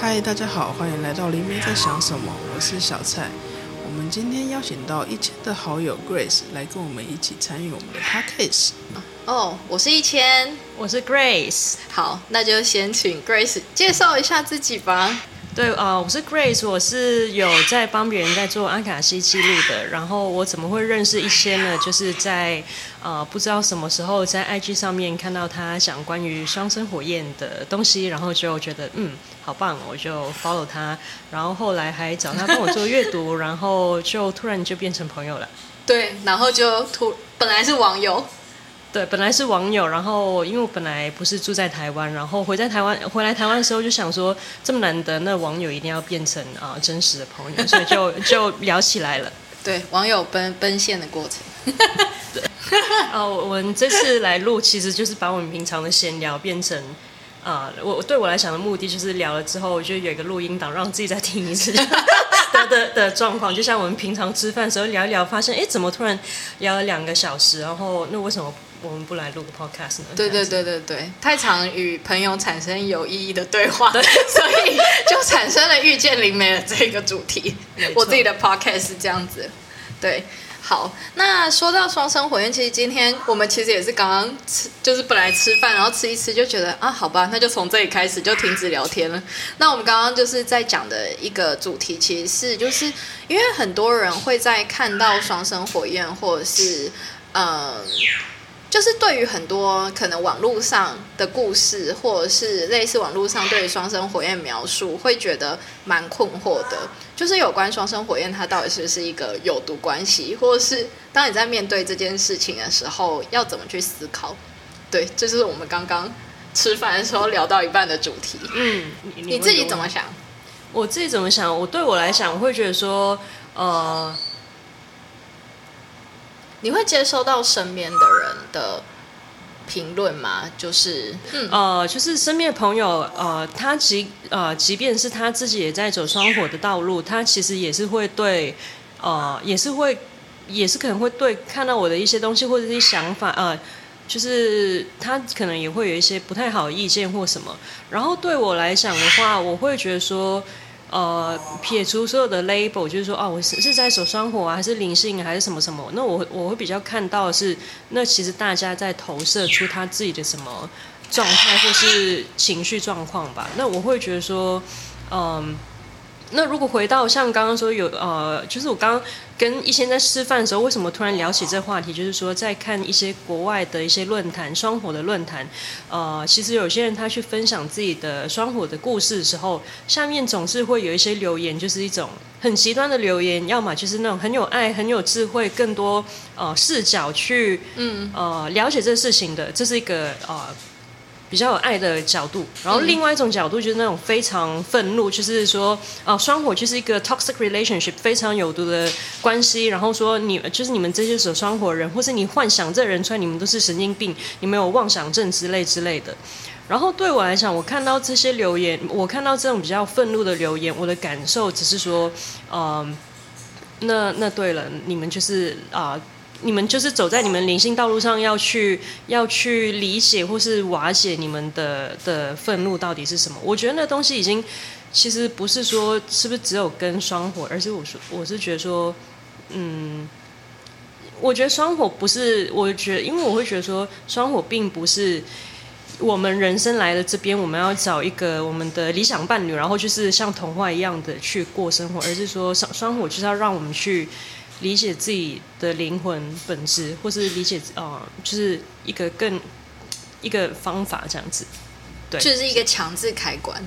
嗨，大家好，歡迎來到《黎明在想什麼》，我是小蔡。我們今天邀請到一千的好友 Grace 來跟我們一起參與我們的 podcast。哦、oh,，我是一千，我是 Grace。好，那就先請 Grace 介紹一下自己吧。對啊、呃，我是 Grace，我是有在幫別人在做阿卡西記錄的。然後我怎麼會認識一些呢？就是在呃不知道什麼時候在 IG 上面看到他講關於雙生火焰的東西，然後就覺得嗯好棒，我就 follow 他，然後後來還找他幫我做閱讀， 然後就突然就變成朋友了。對，然後就突，本來是網友。對，本來是網友，然後因為我本來不是住在台灣，然後回在台灣回來台灣的時候就想說，這麼難得，那網友一定要變成啊、呃、真實的朋友，所以就就聊起來了。對，網友奔奔現的過程。對。啊、呃，我們這次來錄，其實就是把我們平常的閒聊變成啊、呃，我對我來講的目的就是聊了之後，就有一個錄音檔，讓自己再聽一次 的的的的狀況。就像我們平常吃飯的時候聊一聊，發現哎，怎麼突然聊了兩個小時，然後那為什麼？我們不來錄個 podcast 的。對，對對對對對，太常與朋友產生有意義的對話，對，所以 就產生了遇見靈媒的這個主題。我自己的 podcast 是這樣子。對，好，那說到雙生火焰，其實今天我們其實也是剛剛吃，就是本來吃飯，然後吃一吃就覺得啊，好吧，那就從這裡開始就停止聊天了。那我們剛剛就是在講的一個主題，其實是就是因為很多人會在看到雙生火焰，或者是嗯。呃就是對於很多可能網絡上的故事，或者是類似網絡上對於雙生火焰描述，會覺得蠻困惑的。就是有關雙生火焰，它到底是不是一個有毒關係，或者是當你在面對這件事情的時候，要怎麼去思考？對，這就是我們剛剛吃飯的時候聊到一半的主題。嗯，你，你，你自己怎麼想？我自己怎麼想？我對我來講，我會覺得說，呃。你會接收到身邊的人的評論嗎？就是、嗯、呃，就是身邊的朋友呃，他即呃，即便是他自己也在走雙火的道路，他其實也是會對呃，也是會，也是可能會對看到我的一些東西或者一些想法呃，就是他可能也會有一些不太好意見或什麼。然後對我來講的話，我會覺得說。呃，撇除所有的 label，就是說，哦、啊，我是在雙生火、啊，還是靈性、啊，還是什麼什麼？那我我會比較看到的是，那其實大家在投射出他自己的什麼狀態或是情緒狀況吧。那我會覺得說，嗯。那如果回到像剛剛說有呃，就是我剛跟逸賢在吃飯的時候，為什麼突然聊起這話題？就是說在看一些國外的一些論壇，雙火的論壇，呃，其實有些人他去分享自己的雙火的故事的時候，下面總是會有一些留言，就是一種很極端的留言，要麼就是那種很有愛、很有智慧、更多呃視角去嗯呃了解這事情的，這是一個呃。比較有愛的角度，然後另外一種角度就是那種非常憤怒、嗯，就是說，啊，雙火就是一個 toxic relationship，非常有毒的關係。然後說你就是你們這些是雙火人，或是你幻想這人出來，你們都是神經病，你們有妄想症之類之類的。然後對我來講，我看到這些留言，我看到這種比較憤怒的留言，我的感受只是說，嗯、呃，那那對了，你們就是啊。你們就是走在你們靈性道路上，要去要去理解或是瓦解你們的的憤怒到底是什麼？我覺得那東西已經其實不是說是不是只有跟雙火，而是我說我是覺得說，嗯，我覺得雙火不是我覺得，因為我會覺得說，雙火並不是我們人生來的這邊，我們要找一個我們的理想伴侶，然後就是像童話一樣的去過生活，而是說雙雙火就是要讓我們去。理解自己的靈魂本質，或是理解哦，就是一個更，一個方法這樣子，對，就是一個強制開關。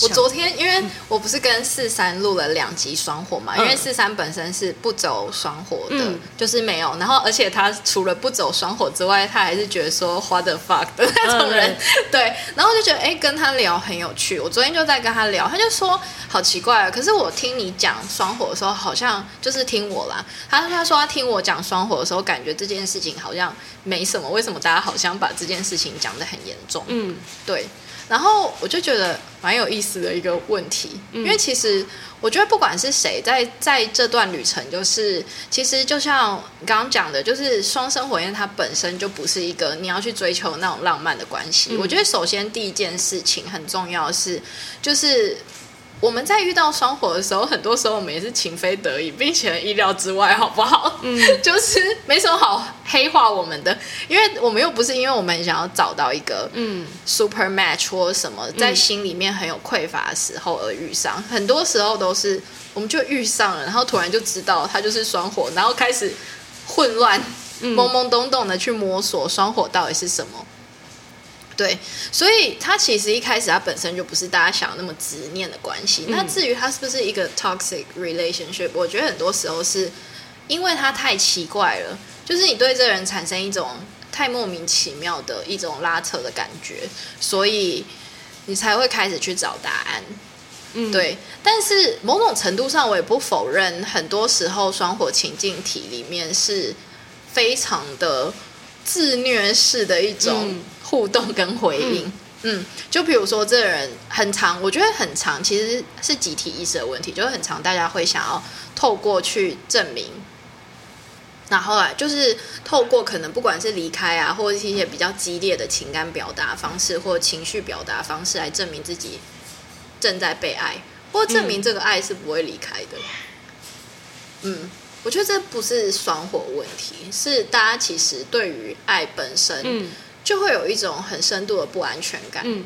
我昨天因為我不是跟四三錄了兩集雙火嘛？嗯、因為四三本身是不走雙火的，嗯，就是沒有。然後，而且他除了不走雙火之外，他還是覺得說 “What the fuck” 的那種人。嗯、對，對，然後就覺得哎，欸，跟他聊很有趣。我昨天就在跟他聊，他就說好奇怪，哦。可是我聽你講雙火的時候，好像就是聽我啦。他說他說他聽我講雙火的時候，感覺這件事情好像沒什麼。為什麼大家好像把這件事情講得很嚴重？嗯，對。然後我就覺得蠻有意思的一個問題，嗯、因為其實我覺得不管是誰在在這段旅程，就是其實就像剛剛講的，就是雙生火焰它本身就不是一個你要去追求那種浪漫的關係。嗯、我覺得首先第一件事情很重要是，就是。我們在遇到雙火的時候，很多時候我們也是情非得已，並且意料之外，好不好？嗯， 就是沒什麼好黑化我們的，因為我們又不是因為我們想要找到一個嗯 super match 或什麼，在心裡面很有匱乏的時候而遇上。嗯。很多時候都是我們就遇上了，然後突然就知道它就是雙火，然後開始混亂、懵懵懂懂的去摸索雙火到底是什麼。對，所以他其實一開始他本身就不是大家想那麼執念的關係，嗯。那至於他是不是一個 toxic relationship，我覺得很多時候是因為他太奇怪了，就是你對這個人產生一種太莫名其妙的一種拉扯的感覺，所以你才會開始去找答案。嗯，對。但是某種程度上，我也不否認，很多時候雙火情境體裡面是非常的。自虐式的一種互動跟回應，嗯，嗯，就比如說，這個人很長，我覺得很長，其實是集體意識的問題，就是很長，大家會想要透過去證明，然後啊，就是透過可能不管是離開啊，或者是一些比較激烈的情感表達方式或情緒表達方式，嗯、方式來證明自己正在被愛，或證明這個愛是不會離開的，嗯。嗯我覺得這不是雙火問題，是大家其實對於愛本身、嗯、就會有一種很深度的不安全感。嗯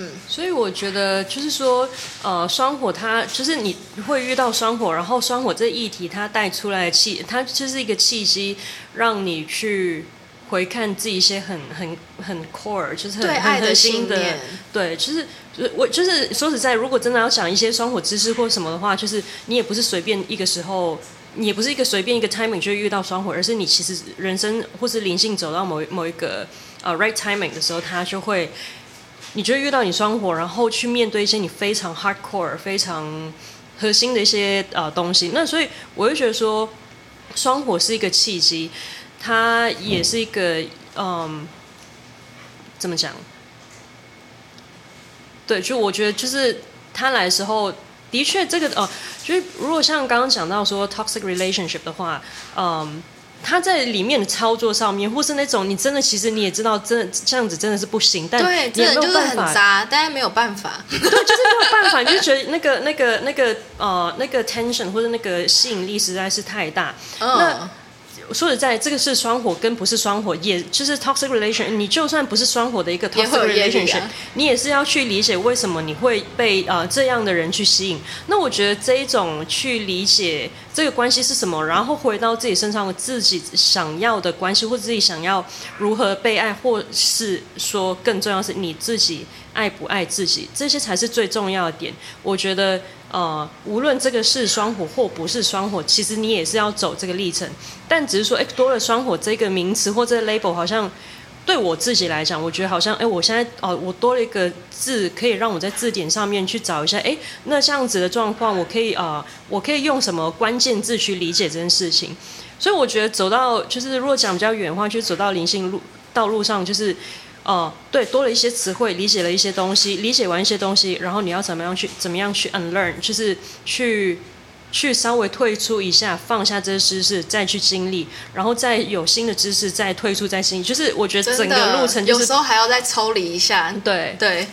嗯，所以我覺得就是說，呃，雙火它就是你會遇到雙火，然後雙火這議題它帶出來的氣，它就是一個契機，讓你去回看自己一些很很很 core，就是很，很，很的愛的信念。對，就是就是我就是說實在，如果真的要講一些雙火知識或什麼的話，就是你也不是隨便一個時候。也不是一個隨便一個 timing 就會遇到雙火，而是你其實人生或是靈性走到某某一個呃 right timing 的時候，他就會，你就會遇到你雙火，然後去面對一些你非常 hardcore 非常核心的一些呃東西。那所以我會覺得說，雙火是一個契機，它也是一個嗯、呃，怎麼講？對，就我覺得就是他來的時候。的確，這個哦、呃，就是如果像剛剛講到說 toxic relationship 的話，嗯、呃，他在裡面的操作上面，或是那種你真的其實你也知道，真的這樣子真的是不行，對，但你也沒有辦法，大家沒有辦法，對，就是沒有辦法， 你就覺得那個那個那個呃那個 tension 或者那個吸引力實在是太大，oh. 那。說實在，這個是雙火跟不是雙火，也就是 toxic relation。你就算不是雙火的一個 toxic relation，也你也是要去理解為什麼你會被呃這樣的人去吸引。那我覺得這一種去理解。這個關係是什麼？然後回到自己身上，自己想要的關係，或自己想要如何被愛，或是說更重要的是你自己愛不愛自己，這些才是最重要的點。我覺得，呃，無論這個是雙火或不是雙火，其實你也是要走這個歷程。但只是說，哎、欸，多了“雙火”這個名詞或這個 label，好像。對我自己來講，我覺得好像，誒。我現在哦、呃，我多了一個字，可以讓我在字典上面去找一下，哎，那這樣子的狀況，我可以啊、呃，我可以用什麼關鍵字去理解這件事情？所以我覺得走到就是，如果講比較遠的話，就是，走到靈性路道路上，就是，哦、呃，對，多了一些詞彙，理解了一些東西，理解完一些東西，然後你要怎麼樣去，怎麼樣去 unlearn，就是去。去稍微退出一下，放下這些知識，再去經歷，然後再有新的知識，再退出再經歷。就是我覺得整個路程，就是，有時候還要再抽離一下。對對，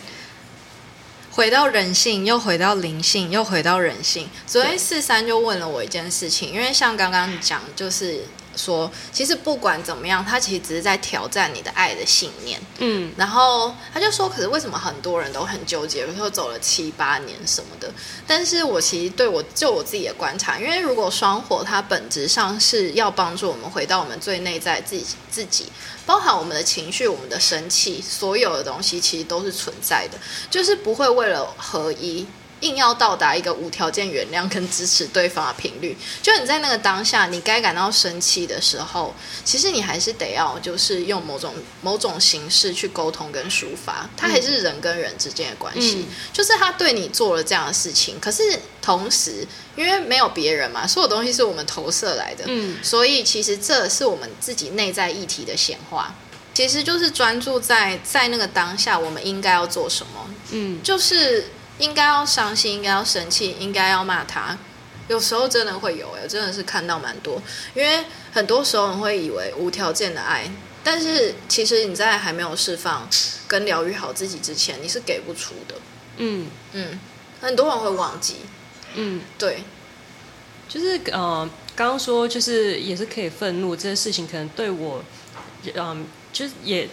回到人性，又回到靈性，又回到人性。昨天四三就問了我一件事情，因為像剛剛講，就是。說，其實不管怎麼樣，他其實只是在挑戰你的愛的信念。嗯，然後他就說，可是為什麼很多人都很糾結？比如說走了七八年什麼的。但是我其實對我就我自己的觀察，因為如果雙火，它本質上是要幫助我們回到我們最內在自己，自己包含我們的情緒、我們的生氣，所有的東西其實都是存在的，就是不會為了合一，硬要到達一個無條件原諒跟支持對方的頻率，就你在那個當下，你該感到生氣的時候，其實你還是得要，就是用某種某種形式去溝通跟抒發。他還是人跟人之間的關係、嗯，就是他對你做了這樣的事情。嗯、可是同時，因為沒有別人嘛，所有東西是我們投射來的，嗯、所以其實這是我們自己內在議題的顯化。其實就是專注在在那個當下，我們應該要做什麼？嗯，就是。應該要傷心，應該要生氣，應該要罵他。有時候真的會有，真的是看到蠻多。因為很多時候你會以為無條件的愛，但是其實你在還沒有釋放跟療愈好自己之前，你是給不出的。嗯嗯，很多人會忘記。嗯，對。就是呃，剛剛說就是也是可以憤怒，這件事情可能對我，嗯、呃，就是也。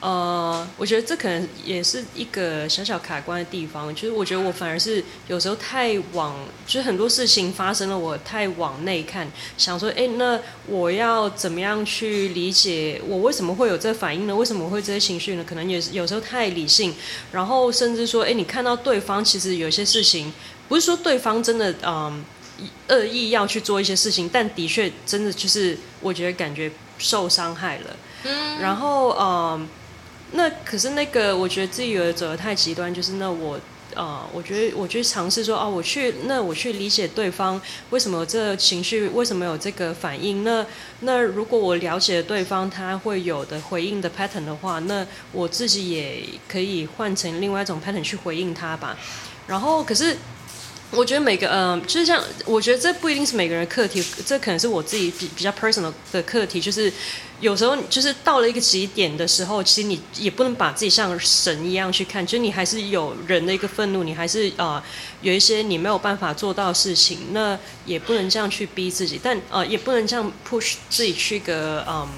呃，我覺得這可能也是一個小小卡關的地方。就是我覺得我反而是有時候太往，就是很多事情發生了我，我太往內看，想說，欸，那我要怎麼樣去理解我為什麼會有這個反應呢？為什麼會這些情緒呢？可能也是有時候太理性，然後甚至說，欸，你看到對方其實有些事情，不是說對方真的嗯惡意要去做一些事情，但的確真的就是我覺得感覺受傷害了。嗯，然後嗯。那可是那個，我覺得自己有的走的太極端，就是那我，啊、呃，我覺得我去嘗試說，哦，我去，那我去理解對方為什麼這情緒，為什麼有這個反應。那那如果我了解對方他會有的回應的 pattern 的話，那我自己也可以換成另外一種 pattern 去回應他吧。然後可是。我覺得每個嗯，就是像我覺得這不一定是每個人的課題，這可能是我自己比比較 personal 的課題。就是有時候就是到了一個極點的時候，其實你也不能把自己像神一樣去看，就你還是有人的一個憤怒，你還是啊、呃、有一些你沒有辦法做到的事情，那也不能這樣去逼自己，但呃也不能這樣 push 自己去個嗯。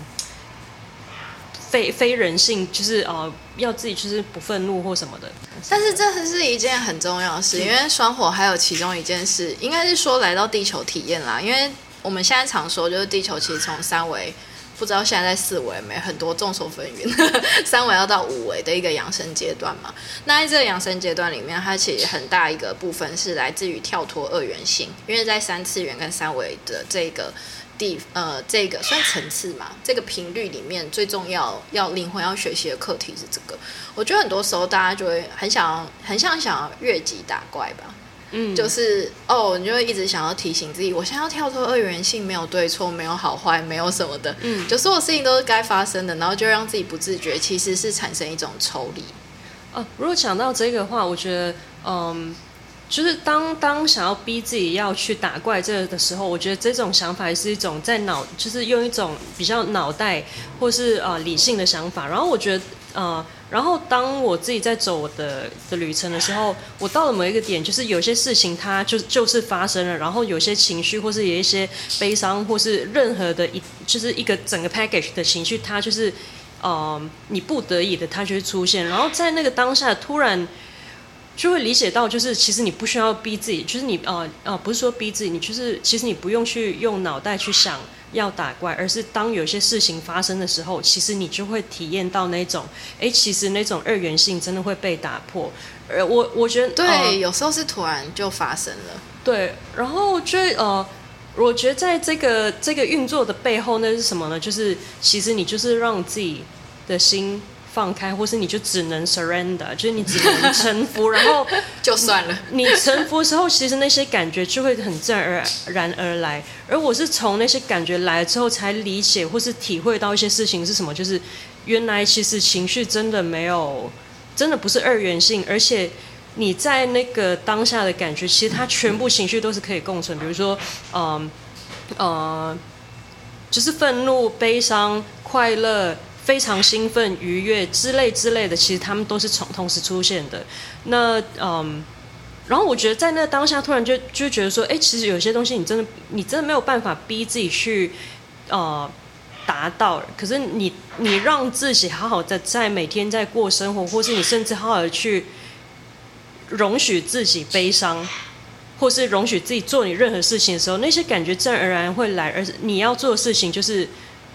非非人性，就是呃，要自己就是不憤怒或什麼的。但是這是一件很重要的事，因為雙火還有其中一件事，應該是說來到地球體驗啦。因為我們現在常說，就是地球其實從三維，不知道現在在四維沒，很多眾說紛紜，三維要到五維的一個揚升階段嘛。那在這個揚升階段裡面，它其實很大一個部分是來自於跳脫二元性，因為在三次元跟三維的這個。地呃，這個算層次嘛？這個頻率裡面最重要要靈魂要學習的課題是這個。我覺得很多時候大家就會很想很想想要越級打怪吧。嗯，就是哦，你就會一直想要提醒自己，我現在要跳脫二元性，沒有對錯，沒有好壞，沒有什麼的。嗯，就所有事情都是該發生的，然後就讓自己不自覺，其實是產生一種抽離。啊、呃，如果講到這個的話，我覺得嗯。就是當當想要逼自己要去打怪這個的時候，我覺得這種想法是一種在腦，就是用一種比較腦袋或是啊、呃、理性的想法。然後我覺得啊、呃，然後當我自己在走我的的旅程的時候，我到了某一個點，就是有些事情它就就是發生了，然後有些情緒或是有一些悲傷或是任何的一，就是一個整個 package 的情緒，它就是呃你不得已的它就會出現，然後在那個當下突然。就會理解到，就是其實你不需要逼自己，就是你呃呃不是說逼自己，你就是其實你不用去用腦袋去想要打怪，而是當有些事情發生的時候，其實你就會體驗到那種，誒，其實那種二元性真的會被打破。而、呃、我我覺得，對、呃，有時候是突然就發生了。對，然後就呃，我覺得在這個這個運作的背後呢，那是什麼呢？就是其實你就是讓自己的心。放開，或是你就只能 surrender，就是你只能臣服， 然後就算了你。你臣服的時候，其實那些感覺就會很自然而然而來。而我是從那些感覺來之後，才理解或是體會到一些事情是什麼。就是原來其實情緒真的沒有，真的不是二元性，而且你在那個當下的感覺，其實它全部情緒都是可以共存。比如說，嗯、呃，嗯、呃，就是憤怒、悲傷、快樂。非常興奮、愉悅之類之類的，其實他們都是從同時出現的。那嗯，然後我覺得在那當下，突然就就覺得說，哎，其實有些東西你真的，你真的沒有辦法逼自己去呃達到。可是你你讓自己好好的在每天在過生活，或是你甚至好好的去容許自己悲傷，或是容許自己做你任何事情的時候，那些感覺自然而然會來。而你要做的事情就是。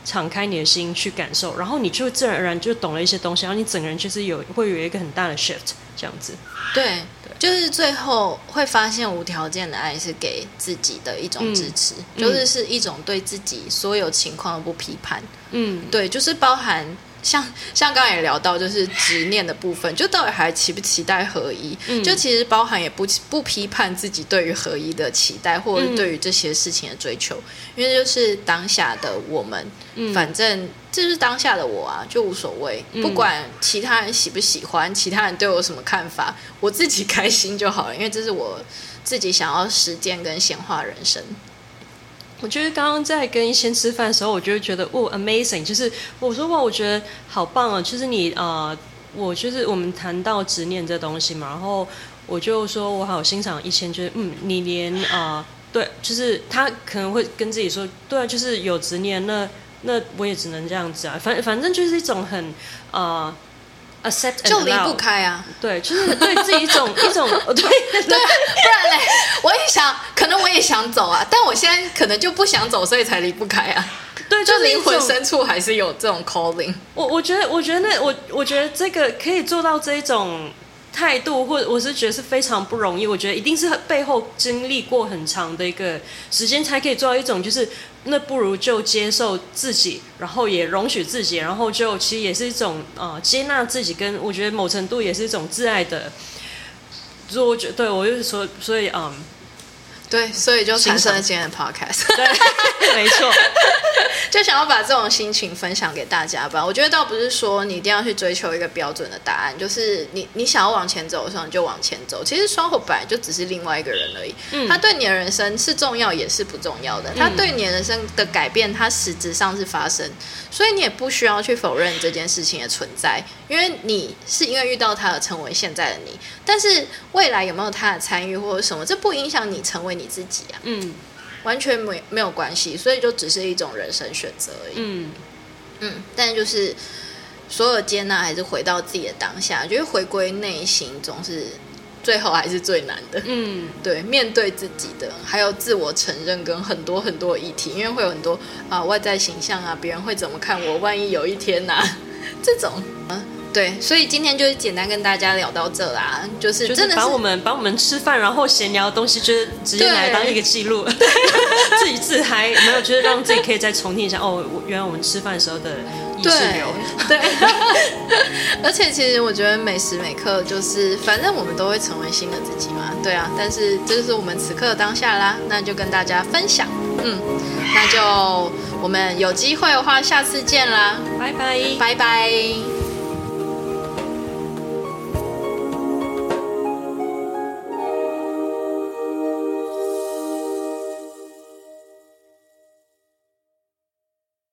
敞開你的心去感受，然後你就自然而然就懂了一些東西，然後你整個人就是有會有一個很大的 shift 這樣子對。對，就是最後會發現無條件的愛是給自己的一種支持，嗯，就是是一種對自己所有情況不批判。嗯，對，就是包含。像像剛剛也聊到，就是執念的部分，就到底還期不期待合一？嗯、就其實包含也不不批判自己對於合一的期待，或者對於這些事情的追求，嗯，因為就是當下的我們，反正這、就是當下的我啊，就無所謂，不管其他人喜不喜歡，其他人對我什麼看法，我自己開心就好了，因為這是我自己想要實踐跟顯化人生。我覺得剛剛在跟一謙吃飯的時候，我就覺得，哇、哦、amazing！就是我說，哇，我覺得好棒啊！就是你啊、呃，我就是我們談到執念這東西嘛，然後我就說我好欣賞一謙，就是嗯，你連啊、呃，對，就是他可能會跟自己說，對，啊，就是有執念，那那我也只能這樣子啊，反反正就是一種很啊。呃 Loud, 就離不開啊，對，就是對這一種 一種，對對， 不然嘞，我也想，可能我也想走啊，但我現在可能就不想走，所以才離不開啊。對，就靈魂深處還是有這種 calling。我我覺得，我覺得那我我覺得這個可以做到這一種態度，或者我是覺得是非常不容易。我覺得一定是背後經歷過很長的一個時間才可以做到一種，就是。那不如就接受自己，然後也容許自己，然後就其實也是一種呃接納自己，跟我覺得某程度也是一種自愛的。如果我覺得，對，我就是說，所以嗯。對，所以就產生了今天的 podcast。對，沒錯， 就想要把這種心情分享給大家吧。我覺得倒不是說你一定要去追求一個標準的答案，就是你你想要往前走的時候，你就往前走。其實雙火本來就只是另外一個人而已，嗯、他對你的人生是重要，也是不重要的。他對你的人生的改變，它實質上是發生，所以你也不需要去否認這件事情的存在，因為你是因為遇到他而成為現在的你。但是未來有沒有他的參與或者什麼，這不影響你成為你自己啊。嗯，完全沒沒有關係，所以就只是一種人生選擇而已。嗯，嗯，但是就是所有接納還是回到自己的當下，覺得回歸內心總是最後還是最難的。嗯，對，面對自己的，還有自我承認跟很多很多議題，因為會有很多啊外在形象啊，別人會怎麼看我？萬一有一天吶，啊，這種啊。對，所以今天就簡單跟大家聊到這啦，就是真的是、就是、把我們把我們吃飯然後閒聊的東西，就是直接來當一個記錄。這一次還沒有就是讓自己可以再重聽一下哦，原來我們吃飯的時候的意識流。對，對 而且其實我覺得每時每刻就是，反正我們都會成為新的自己嘛。對啊，但是這就是我們此刻的當下啦，那就跟大家分享。嗯，那就我們有機會的話，下次見啦，拜拜，拜拜。